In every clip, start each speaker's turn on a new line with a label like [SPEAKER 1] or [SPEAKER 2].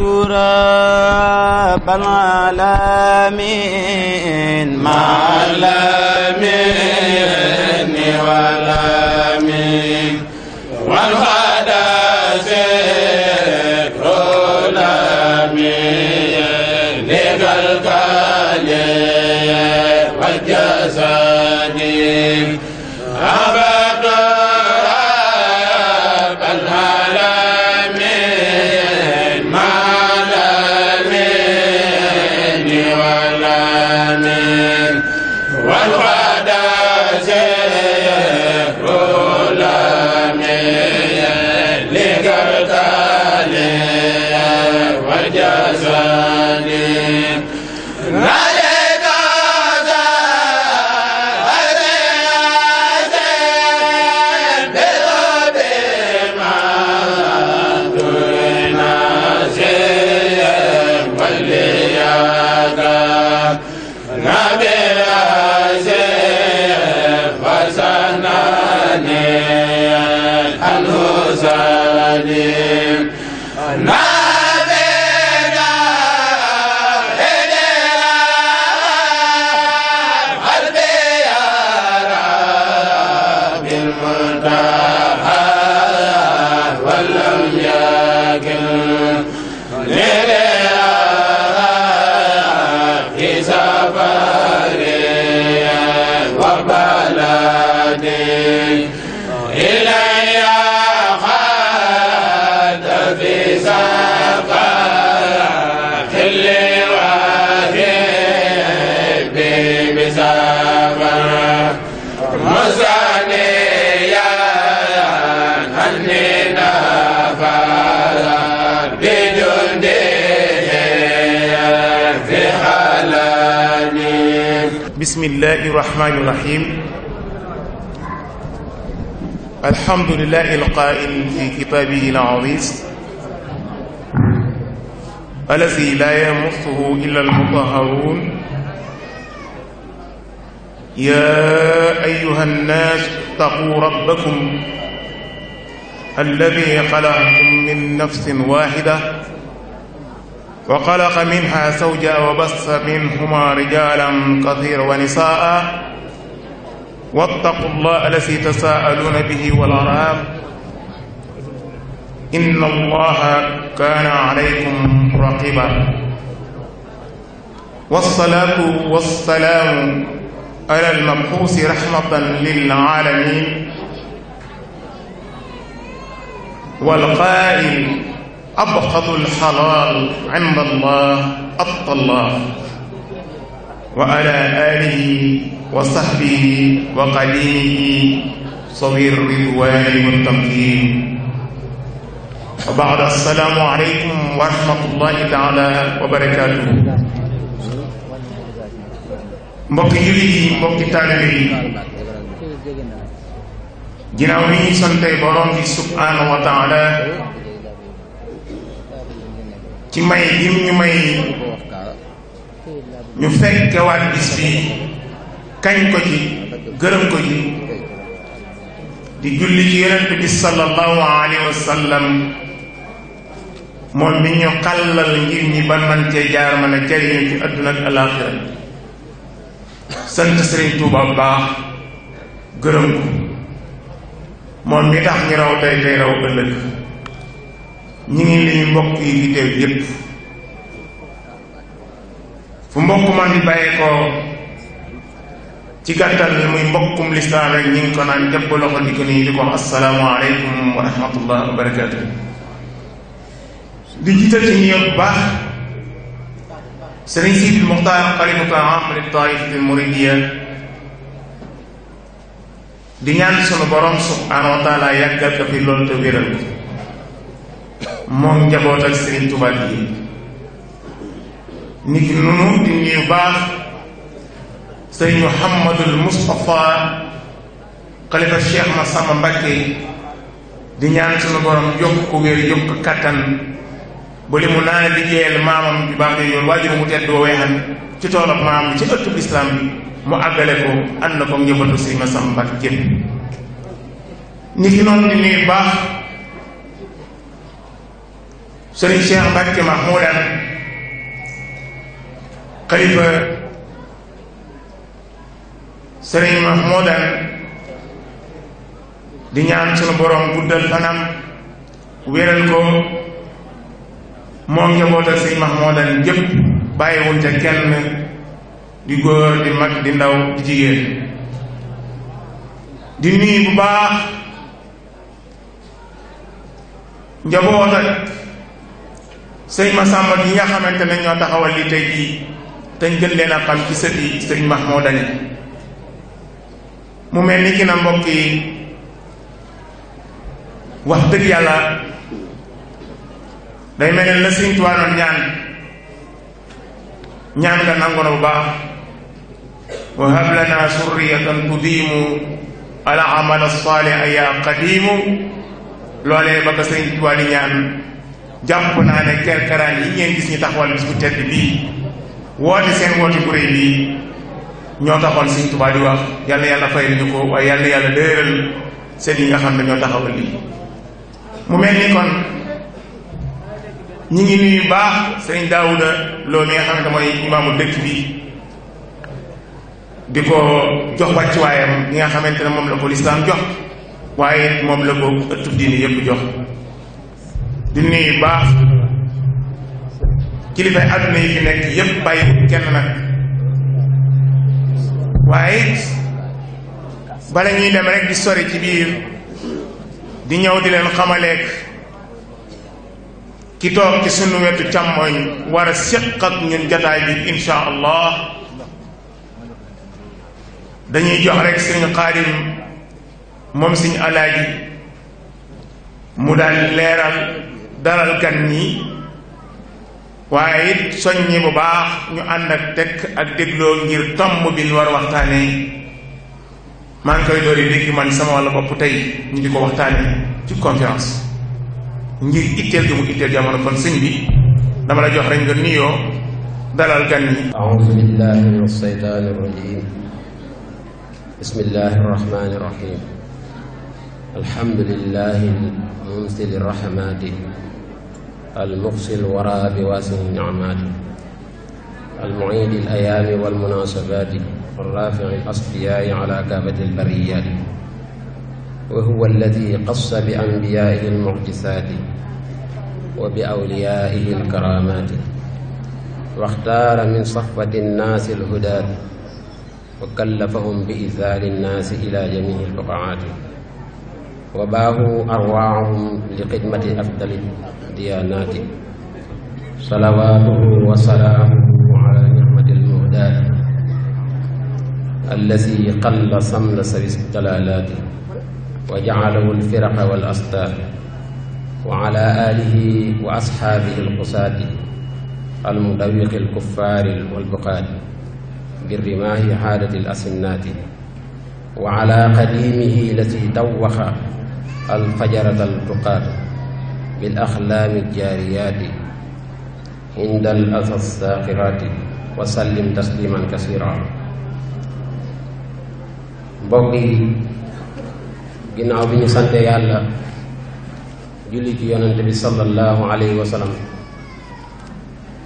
[SPEAKER 1] رب العالمين مع العالمين والعالمين
[SPEAKER 2] والغدا ذكر
[SPEAKER 1] العالمين لك الكرم wa نسلم
[SPEAKER 2] الله الرحمن الرحيم الحمد لله القائل في كتابه العزيز الذي لا يمسه إلا المطهرون يا أيها الناس اتقوا ربكم الذي خلقكم من نفس واحدة وخلق منها زوجها وبث منهما رجالا كثيرا ونساء واتقوا الله الذي تساءلون به والأرهاب إن الله كان عليكم رقيبا والصلاة والسلام على المبعوث رحمة للعالمين والقائل abxadu alxalaal inda allah attallaah wa ala alihi wa sahbihi wa qadimihi sawir ridwaani wa tamkiin wa baad assalaamu aleykum wa rahmatullahi taala wa barakaatuhu
[SPEAKER 1] mbokki jullit yi mbokki taalibe yi
[SPEAKER 2] ginnaaw bi ñu santee borom bi subhaanahu wa taala ci may gi ñu may ñu fekke waat bis kañ ko ci gërëm ko ci di julli ci yonent bi sallallahu alayhi wa sallam moom mi ñu xàllal ngir ñi ban man jaar ma a jariñu ci àdduna ak alaaxira sant Sëriñ Tuuba baax gërëm ko moom mi tax ñu raw tey tey raw ëllëg ñi ngi lim mbokk yi fi teew yépp fu mbokk man di bàyyee ci gàttal muy mbokkum lislaam rek ko naan jàpp loxo di ko nii di ko asalaamaaleykum wa rahmatullah wa barakaatu di jiital ci ñëw bu baax sëriñ Sidi Muxtaar xalifa am li taifatil muridiya di ñaan sunu borom subhaanahu wa taala yàggal ko fi loolu te ko moom njaboot ak Serigne Touba di yëpp nit nunu di nuyu baax sëñ Mouhamadul Moustapha xalifa Cheikh Massamba Mbacké di ñaan sunu borom yokk ko wér yokk kattan ba li mu naan liggéeyal maamam bi baax de yoon mu tedd ba weexan ci toolam maam bi ci ëttub lislaam bi mu àggale ko ànd na ko njëbatu sëñ Massamba Mbacké jëpp nit noonu di nuyu baax sëriñ Cheikh Mbacke Mahmoudan xalifa sëriñ Mahmoudan di ñaan sunu borom guddal fanam wéral ko moom njabootal sëriñ Mahmoudan jëpp bàyyiwul ca kenn di góor di mag di di jigéen di nuyu bu baax njaboot sëñ Massamba ñi nga xamante ne ñoo taxawal li tey jii te ñu leen a xam ci sët yi mu mel ni ki na mbokk yi wax dëgg yàlla day mel la sëñ Tuubaa ñaan ñaan nga nangu na bu baax wa hab lana surriyatan tudiimu ala amal saalih ya qadiimu loolee ba ko sëñ Tuubaa ñaan jàpp naa ne kerkeraan yi ngeen gis ñu taxawal bi bu tedd bii woote seen woote bu réy bii ñoo taxawal Sëriñ Tuubaa di wax yàlla yàlla fay nañu ko waaye yàlla yàlla dëgëral seen yi nga xam ne ñoo taxawal lii mu mel ni kon ñi ngi nuyu baax sëriñ Daawuda loolu nga xam ne mooy imaamu dëkk bi di ko jox wàccuwaayam bi nga xamante ne moom la ko lislaam jox waaye moom la ko ëttub diine yëpp jox di nuyu baax kilifay àdduna yi fi nekk yépp bàyyi kenn nag waaye bala ñuy dem rek di sori ci biir di ñëw di leen xamaleek ki toog ci sunu wetu càmmoñ war a séq ak ñun jataay bi insha allah dañuy jox rek sëriñ xaadim moom sëriñ alaaji mu daal leeral dalal gan ñi waaye it soññi bu baax ñu ànd ak tekk ak dégloo ngir tomb bi ñu war waxtaanee maa ngi koy doori dégg man sama wàllu bopp tey ñu di ko waxtaanee ci confiance ngir itteel gi mu itteel jamono kon sëñ bi dama la jox rek nga nuyoo dalal gan ñi.
[SPEAKER 1] aouzu billahi min seytaani rajim bismillahi rahmani rahim alhamdulillahi mumtili rahmatihi المقصي الورى بواسع النعمات المعيد الأيام والمناسبات الرافع الأصفياء على كافة البريات وهو الذي قص بأنبيائه المعجزات وبأوليائه الكرامات واختار من صحبة الناس الهداة وكلفهم بإيثار الناس إلى جميع البقعات وباهوا أرواعهم لخدمة أفضل والديانات صلواته وسلامه على نعمة المهداة الذي قل صملس بالضلالات وجعله الفرق والأصداء وعلى آله وأصحابه القصاد المدوق الكفار والبقاد بالرماه حادة الأسنات وعلى قديمه التي دوخ الفجرة البقاد بالأخلام الجاريات عند الأسى الساخرات وسلم تسليما كثيرا mbokk yi ginnaaw bi ñu sante yàlla julli ci yonent bi sallallahu alayhi wa sallam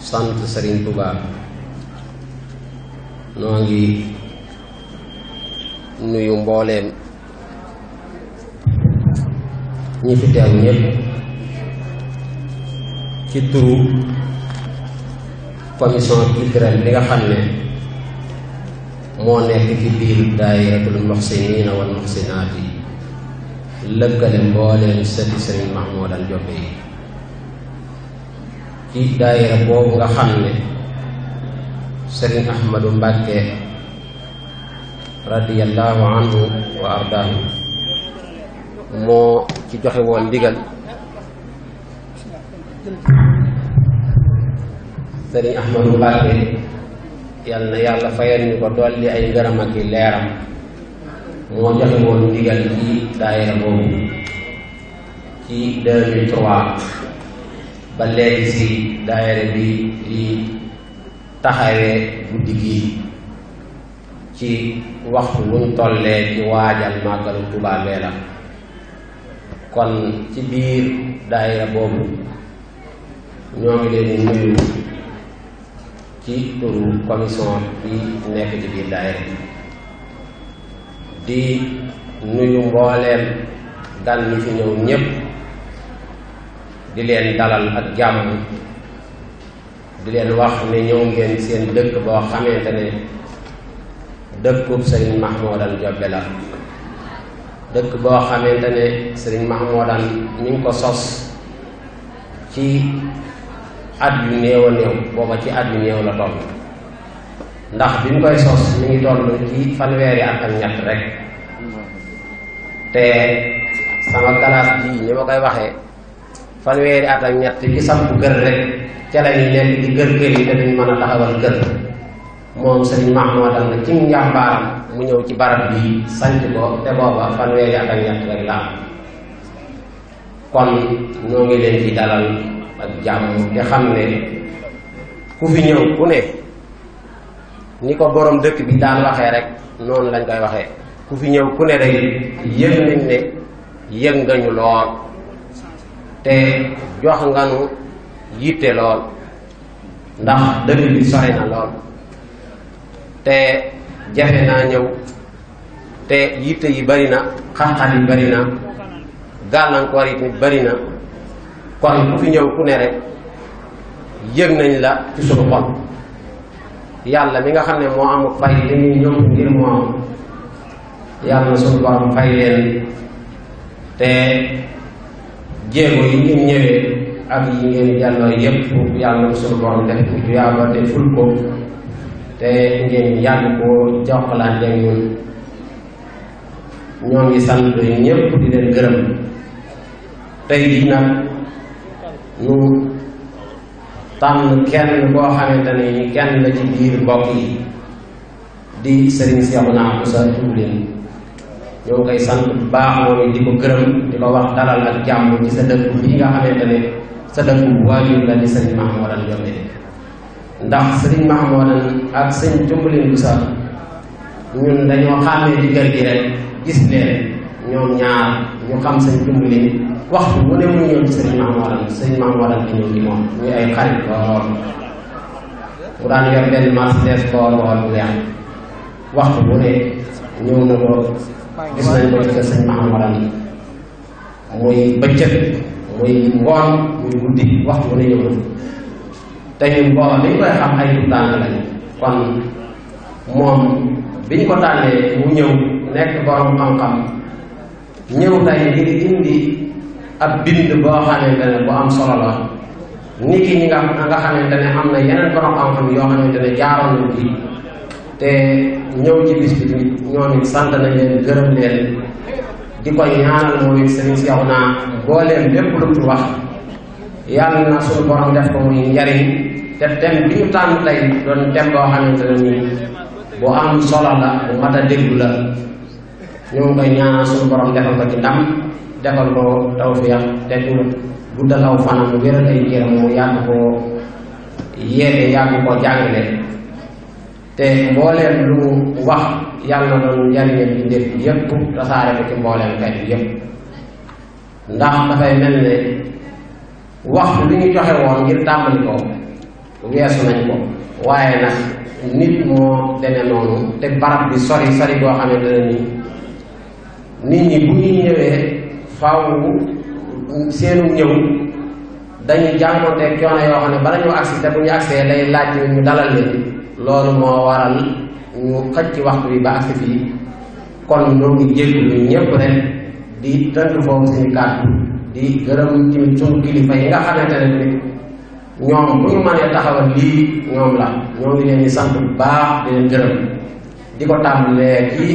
[SPEAKER 1] sant Serigne Touba noo ngi nuyu mbooleem ñi fi teew ñépp ci turu commission culturelle bi nga xam ne moo nekk ci biir daayiratul muxsiniina wal muxsinaat yi lëkkale mbooleen sëti sëriñ Mahmoudan Jobe yi ci daayira boobu nga xam ne sëriñ Ahmadu Mbàkke radiyallahu anhu wa ardaahu moo ci joxe woon ndigal sëriñ Ahmadou Mbacké yal na yàlla fayal ñu ko dolli ay ngërëm ak i leeram moo joxe woon ndigal ci daayira boobu ci 2003 ba léegi si daayira bi di taxawee guddi gii ci waxtu wuñ tollee ci waajal màggalu kon ci biir daayira boobu ñoo ngi leen nuyu ci turu commission bi nekk ci biir di nuyu mbooleem gan ñi fi ñëw ñépp di leen dalal ak jàmm di leen wax ne ñëw ngeen seen dëkk boo xamante ne dëkkub sëriñ Mahmoudan Jobe la dëkk boo xamante ne sëriñ Mahmoudan mi ngi ko sos ci at yu néew a booba ci at yu néew la toll ndax bi mu koy sos mi ngi toll ci fanweeri at ak ñett rek te sama galaas bii ni ma koy waxee fanweeri at ak ñett bi samp kër rek ca la ñuy di kër kër yi te duñ mën a taxawal kër moom sëriñ Mahmoud am na ci njàmbaaram mu ñëw ci barab bii sanc ko te booba fanweeri at ñett rek la am kon ñoo ngi leen ci dalal ak jàmm te xam ne ku fi ñëw ku ne ni ko boroom dëkk bi daan waxee rek noonu lañ koy waxee ku fi ñëw ku ne day yëg nañ ne yëg nga ñu lool te jox nga nu yitte lool ndax dëkk bi sori na lool te jafe naa ñëw te yitte yi bari na xat-xat yi bari na gàllankoor yi bari na kon ku fi ñëw ku ne rek yëg nañ la ci suñu xol yàlla mi nga xam ne moo amul fay li ñuy ñëw ngir moo am yàlla na suñu borom fay leen te jéego yi ngeen ñëwee ak yi ngeen jàlloo yépp yàlla na suñu borom def ko tuyaaba ko te ngeen yàgg ñun ñoo ngi sant ñëpp di leen gërëm tey jii ñu tànn kenn koo xamante ne kenn la ci biir mbokk di Serigne Cheikhouna Moussa Thioulène ñoo ngi koy sant moom di ko gërëm di ko wax dalal ak jàmm ci sa dëkk bii nga xamante ne sa dëkk waajur la di Serigne Mahmoudane Diome ndax Serigne Mahmoudane ak sëñ Thioulène Moussa ñun dañoo xàmmee ci kër gi rek gis leen ñoom ñaar ñu xam sëñ Tumli waxtu mu ne mu ñëw ci sëñ Maam Waral sëñ Maam Waral di ñëw ci moom muy ay xarit lool mu daan yor benn Mercedes bool bool bu weex waxtu bu ne ñëw na ko gis nañ ko ci kër sëñ Maam Waral muy bëccëg muy ngoon muy guddi waxtu bu ne ñëw na te ñun booba dañ koy xam ay tànn lañ kon moom biñ ko tànnee mu ñëw nekk borom xam-xam ñëw tey li indi ab bind boo xamante ne am na yeneen borom te ñëw ci na suñu borom def ko muy njariñ te dem bi bu am solo la bu mat a déglu la ñu ngi koy ñaanal suñu borom defal ko ci ndam defal ko tawfeex te du guddal aw fanam wéral mu yàgg koo yeete yàgg koo jàngale te wax yàlla na doon njariñam ci mbooleem kay yépp ndax dafay mel ne waxtu li ñu joxe ko weesu nañ ko waaye nag nit moo demee noonu te barab bi sori sori boo xamante ne nii nit ñi bu ñuy ñëwee faaw seenu ñëw dañuy jànkoonteeg coono yoo xam ne bala ñu agsi te bu agsee day laaj ñu dalal leen loolu moo waral ñu xëcc waxtu bi ba agsi fii kon ñoo ngi jéggalu ñëpp rek di tënk foofu suñu kàddu di gërëm tamit suñu kilifa yi nga xamante ne ni ñoom bu ñu mënee taxawal lii ñoom la ñoo ngi leen sant bu baax di gërëm di ko tàmbalee ci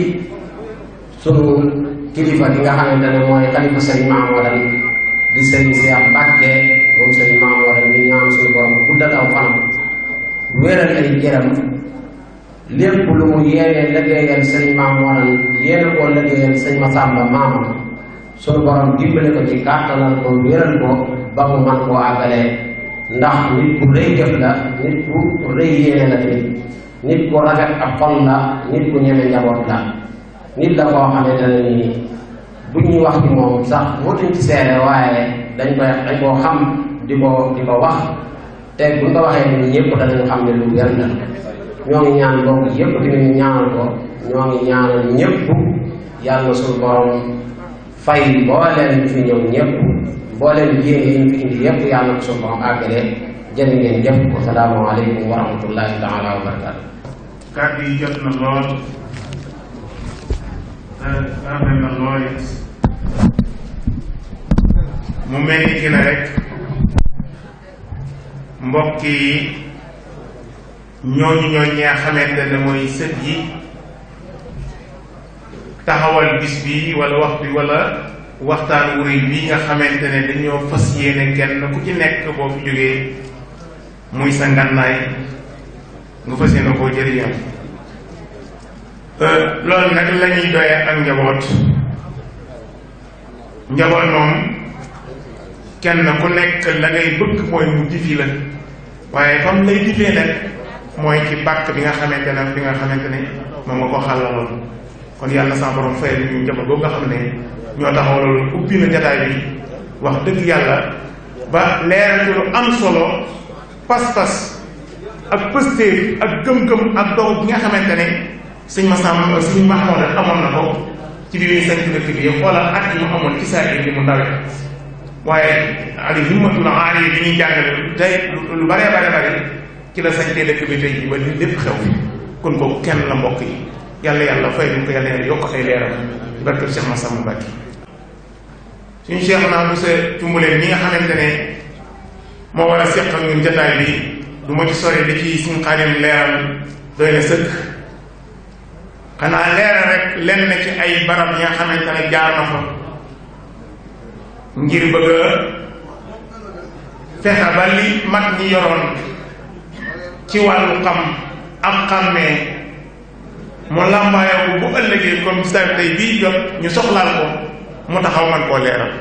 [SPEAKER 1] suñu kilifa gi nga xamante ne mooy xalifa sëñ Maam Wadan di sëñ Seex Mbàkke moom sëñ Maam Wadan mi ñaan suñu borom guddal aw fanam wéral ay jëram lépp lu mu yéene lëggéeyal sëñ Maam Wadan yéene koo lëggéeyal sëñ Masamba maamam suñu borom dimbale ko ci kàttanal ko wéral ko ba mu man koo àggalee ndax nit ku rëy jëf la nit ku rëy yéene la nit ku rafet ab xol la nit ku ñeme njaboot la nit la koo xamante ne nii bu ñuy wax ci moom sax wutuñ ci seere waaye dañ koy dañ koo xam di ko di ko wax te buñ ko waxee ñun ñëpp danañ xam ne lu wér la ñoo ngi ñaan bokk yëpp di ñu ko ñoo ngi ñaanal ñëpp yàlla suñu borom fay mbooleem ñu fi ñëw ñëpp mbooleem yéene ñu fi indi yëpp yàlla ko suñu borom àggale jërë ngeen jëf ko salaamaaleykum wa rahmatullahi taala wa barakaatu.
[SPEAKER 2] kàddu yi jot na lool. amee
[SPEAKER 1] mu mel ni ki ne rek
[SPEAKER 2] mbokk yi ñooñu ñooñ ñaa xamante ne mooy sët yi taxawal bis bi wala wax bi waxtaan wu rëy nga xamante ne dañoo fas yéene kenn ku ci nekk boo fi jógee muy sa ngannaay nga fas yéene koo jëriñam Euh, loolu nag la ñuy doyee ak njaboot njaboot moom kenn ku nekk la bëgg mooy mu difi la waaye fam lay difee nag mooy ci bàkk bi nga xamante ne bi nga xamante ne moom nga ko xàllaloon kon yàlla sa borom fay ñu njaboot boobu nga xam ne ñoo taxaw loolu ubbi na jataay bi wax dëgg yàlla ba leeral lu am solo pas-pas ak pëstéef ak gëm-gëm ak dox bi nga xamante ne suñ ma sàmm suñ ma xamoon amoon na ko ci biir saytu dëkk bi xoolal at yi mu amoon ci saa yi li mu ndawe waaye ak himmatul aaliya li ñuy jàngale tey lu bare bare bare ci la sañtee dëkk bi tey jii ba li lépp xew kon ko kenn la mbokk yi yàlla yàlla fay ñu ko yàlla yàlla yokk ay leeram barkeb Cheikh Massamba Mbacké suñu Cheikh naa bu sa cumbuleen ñi nga xamante ne moo war a seq ak ñun jataay bi du ma ci sori li ci suñ xaadim xanaa leeral rek lenn ci ay barab yi nga xamante jaar na fa ngir bëgg a fexe ba li mag ñi yoroon ci wàllu xam ak xàmmee mu làmbaayoo bu ëllëgee comme saa tey bii jot ñu soxlaal ko mu taxaw man koo leeral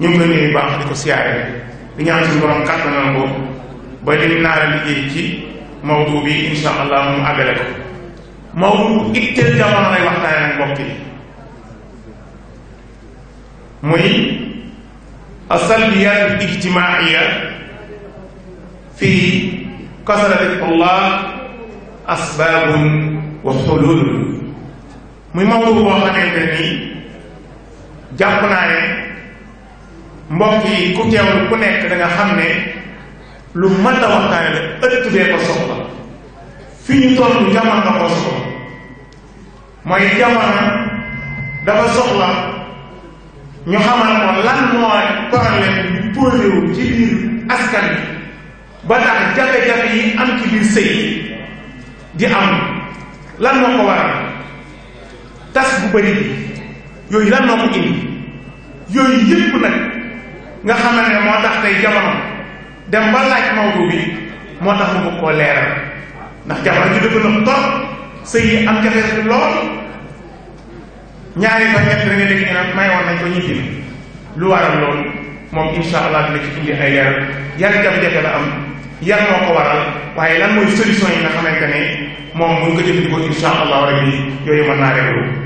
[SPEAKER 2] ñu ngi ko baax di ko siyaare di ñaan suñu borom kàttanal ko ba lim naa la liggéey ci mawdu bi insha allah mu àggale ko Maodo itteel jamono lay waxtaanee ak mbokk yi muy asalbiyaat al ijtimaiya fii kasrati allah asbaabun wa xulul muy Maodo boo xamante ni jàpp naa ne mbokk yi ku teewlu ku nekk da xam ne lu mën a waxtaanee la ëtt bee ko soxla. fii ñu toll jamono na koo soxla mooy jamono dafa soxla ñu xamal ko lan mooy problème bi posé ci biir askan bi ba tax jafe-jafe yi am ci biir sëy di am lan moo ko waral tas bu bëri bi yooyu lan moo ko indi yooyu yëpp nag nga xamal ne moo tax tey jamono dem ba laaj mawdu bi moo tax mu bëgg leeral ndax jamono ji dëgg na trop sëy yi am jafe lool ñaari ba ñett da nga dégg ñu naan may woon nañ ko lu waral loolu moom insha allah dina ci indi ay leeral yan jafe-jafe la am yan moo ko waral waaye lan mooy solution yi nga xamante ne moom bu ñu ko insha allah rabbi yooyu mën naa réeru